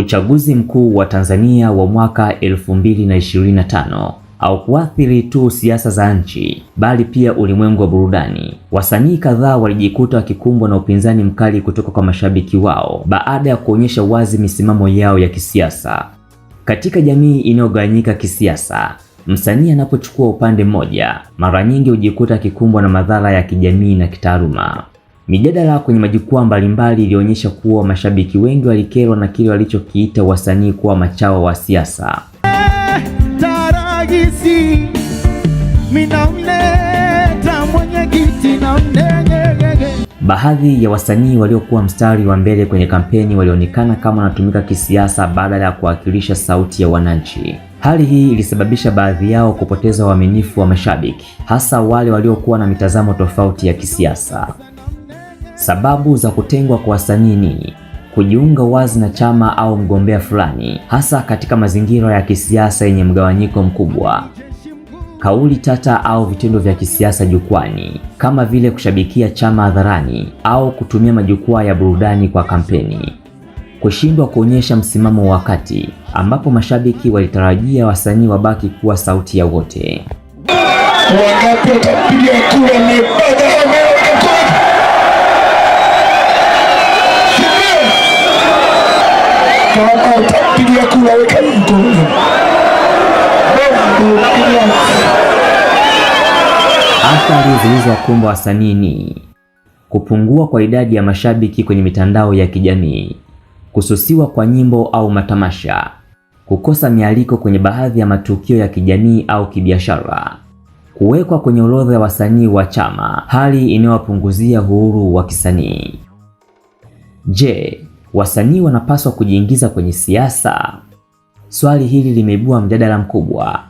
uchaguzi mkuu wa Tanzania wa mwaka 2025 au kuathiri tu siasa za nchi bali pia ulimwengu wa burudani. Wasanii kadhaa walijikuta wakikumbwa na upinzani mkali kutoka kwa mashabiki wao baada ya kuonyesha wazi misimamo yao ya kisiasa. Katika jamii inayogawanyika kisiasa, msanii anapochukua upande mmoja, mara nyingi hujikuta akikumbwa na madhara ya kijamii na kitaaluma. Mijadala kwenye majukwaa mbalimbali ilionyesha kuwa mashabiki wengi walikerwa na kile walichokiita wasanii kuwa machawa wa siasa. Eh, baadhi ya wasanii waliokuwa mstari wa mbele kwenye kampeni walionekana kama wanatumika kisiasa badala ya kuwakilisha sauti ya wananchi. Hali hii ilisababisha baadhi yao kupoteza uaminifu wa mashabiki, hasa wale waliokuwa na mitazamo tofauti ya kisiasa. Sababu za kutengwa kwa wasanii ni kujiunga wazi na chama au mgombea fulani, hasa katika mazingira ya kisiasa yenye mgawanyiko mkubwa. Kauli tata au vitendo vya kisiasa jukwani, kama vile kushabikia chama hadharani au kutumia majukwaa ya burudani kwa kampeni. Kushindwa kuonyesha msimamo wa ambapo mashabiki walitarajia wasanii wabaki kuwa sauti ya wote. Athari zilizowakumba wasanii ni kupungua kwa idadi ya mashabiki kwenye mitandao ya kijamii, kususiwa kwa nyimbo au matamasha, kukosa mialiko kwenye baadhi ya matukio ya kijamii au kibiashara, kuwekwa kwenye orodha ya wasanii wa chama, hali inayowapunguzia uhuru wa kisanii. Je, wasanii wanapaswa kujiingiza kwenye siasa? Swali hili limeibua mjadala mkubwa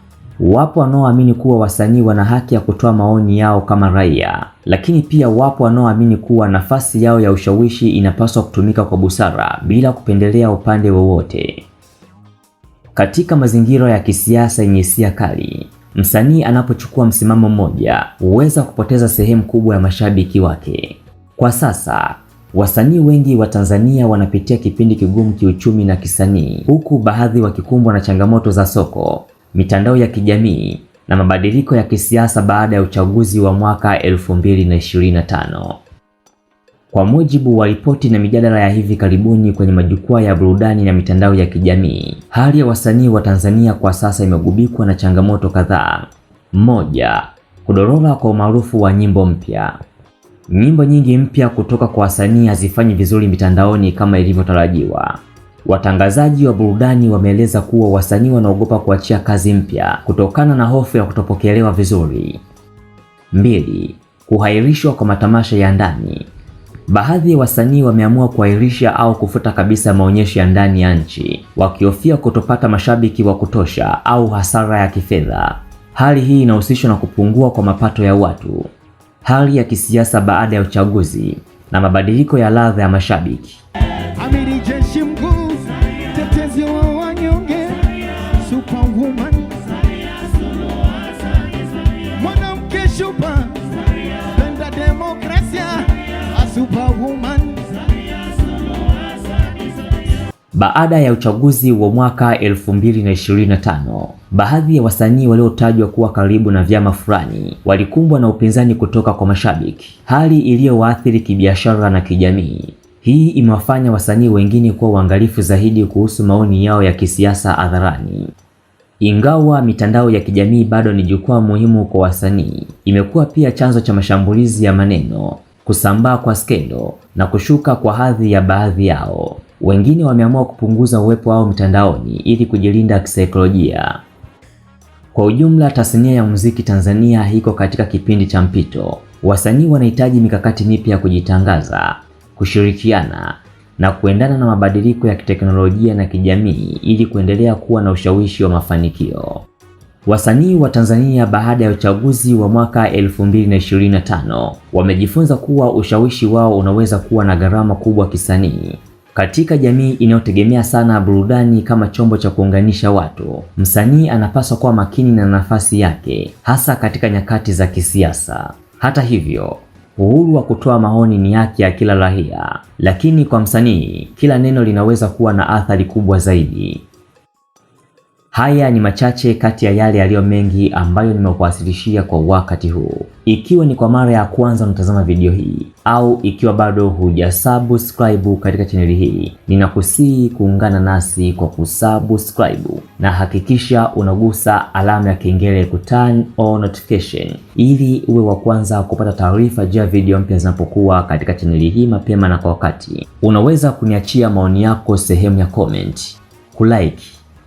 Wapo wanaoamini kuwa wasanii wana haki ya kutoa maoni yao kama raia, lakini pia wapo wanaoamini kuwa nafasi yao ya ushawishi inapaswa kutumika kwa busara bila kupendelea upande wowote. Katika mazingira ya kisiasa yenye hisia kali, msanii anapochukua msimamo mmoja huweza kupoteza sehemu kubwa ya mashabiki wake. Kwa sasa wasanii wengi wa Tanzania wanapitia kipindi kigumu kiuchumi na kisanii, huku baadhi wakikumbwa na changamoto za soko, mitandao ya kijamii na mabadiliko ya kisiasa baada ya uchaguzi wa mwaka 2025. Kwa mujibu wa ripoti na mijadala ya hivi karibuni kwenye majukwaa ya burudani na mitandao ya kijamii, hali ya wasanii wa Tanzania kwa sasa imegubikwa na changamoto kadhaa. Moja, kudorora kwa umaarufu wa nyimbo mpya. Nyimbo nyingi mpya kutoka kwa wasanii hazifanyi vizuri mitandaoni kama ilivyotarajiwa. Watangazaji wa burudani wameeleza kuwa wasanii wanaogopa kuachia kazi mpya kutokana na hofu ya kutopokelewa vizuri. Mbili, kuhairishwa kwa matamasha ya ndani. Baadhi ya wasanii wameamua kuahirisha au kufuta kabisa maonyesho ya ndani ya nchi wakihofia kutopata mashabiki wa kutosha au hasara ya kifedha. Hali hii inahusishwa na kupungua kwa mapato ya watu, hali ya kisiasa baada ya uchaguzi na mabadiliko ya ladha ya mashabiki. Baada ya uchaguzi wa mwaka 2025, baadhi ya wasanii waliotajwa kuwa karibu na vyama fulani walikumbwa na upinzani kutoka kwa mashabiki, hali iliyowaathiri kibiashara na kijamii. Hii imewafanya wasanii wengine kuwa uangalifu zaidi kuhusu maoni yao ya kisiasa hadharani. Ingawa mitandao ya kijamii bado ni jukwaa muhimu kwa wasanii, imekuwa pia chanzo cha mashambulizi ya maneno, kusambaa kwa skendo na kushuka kwa hadhi ya baadhi yao. Wengine wameamua kupunguza uwepo wao mtandaoni ili kujilinda kisaikolojia. Kwa ujumla, tasnia ya muziki Tanzania iko katika kipindi cha mpito. Wasanii wanahitaji mikakati mipya ya kujitangaza, kushirikiana na kuendana na mabadiliko ya kiteknolojia na kijamii ili kuendelea kuwa na ushawishi wa mafanikio. Wasanii wa Tanzania baada ya uchaguzi wa mwaka 2025 wamejifunza kuwa ushawishi wao unaweza kuwa na gharama kubwa kisanii. Katika jamii inayotegemea sana burudani kama chombo cha kuunganisha watu, msanii anapaswa kuwa makini na nafasi yake, hasa katika nyakati za kisiasa. Hata hivyo, uhuru wa kutoa maoni ni haki ya kila raia, lakini kwa msanii, kila neno linaweza kuwa na athari kubwa zaidi. Haya ni machache kati ya yale yaliyo mengi ambayo nimekuwasilishia kwa wakati huu. Ikiwa ni kwa mara ya kwanza unatazama video hii au ikiwa bado hujasubscribe katika chaneli hii, ninakusihi kuungana nasi kwa kusubscribe na hakikisha unagusa alama ya kengele ku turn on notification ili uwe wa kwanza kupata taarifa juu ya video mpya zinapokuwa katika chaneli hii mapema na kwa wakati. Unaweza kuniachia maoni yako sehemu ya comment, kulike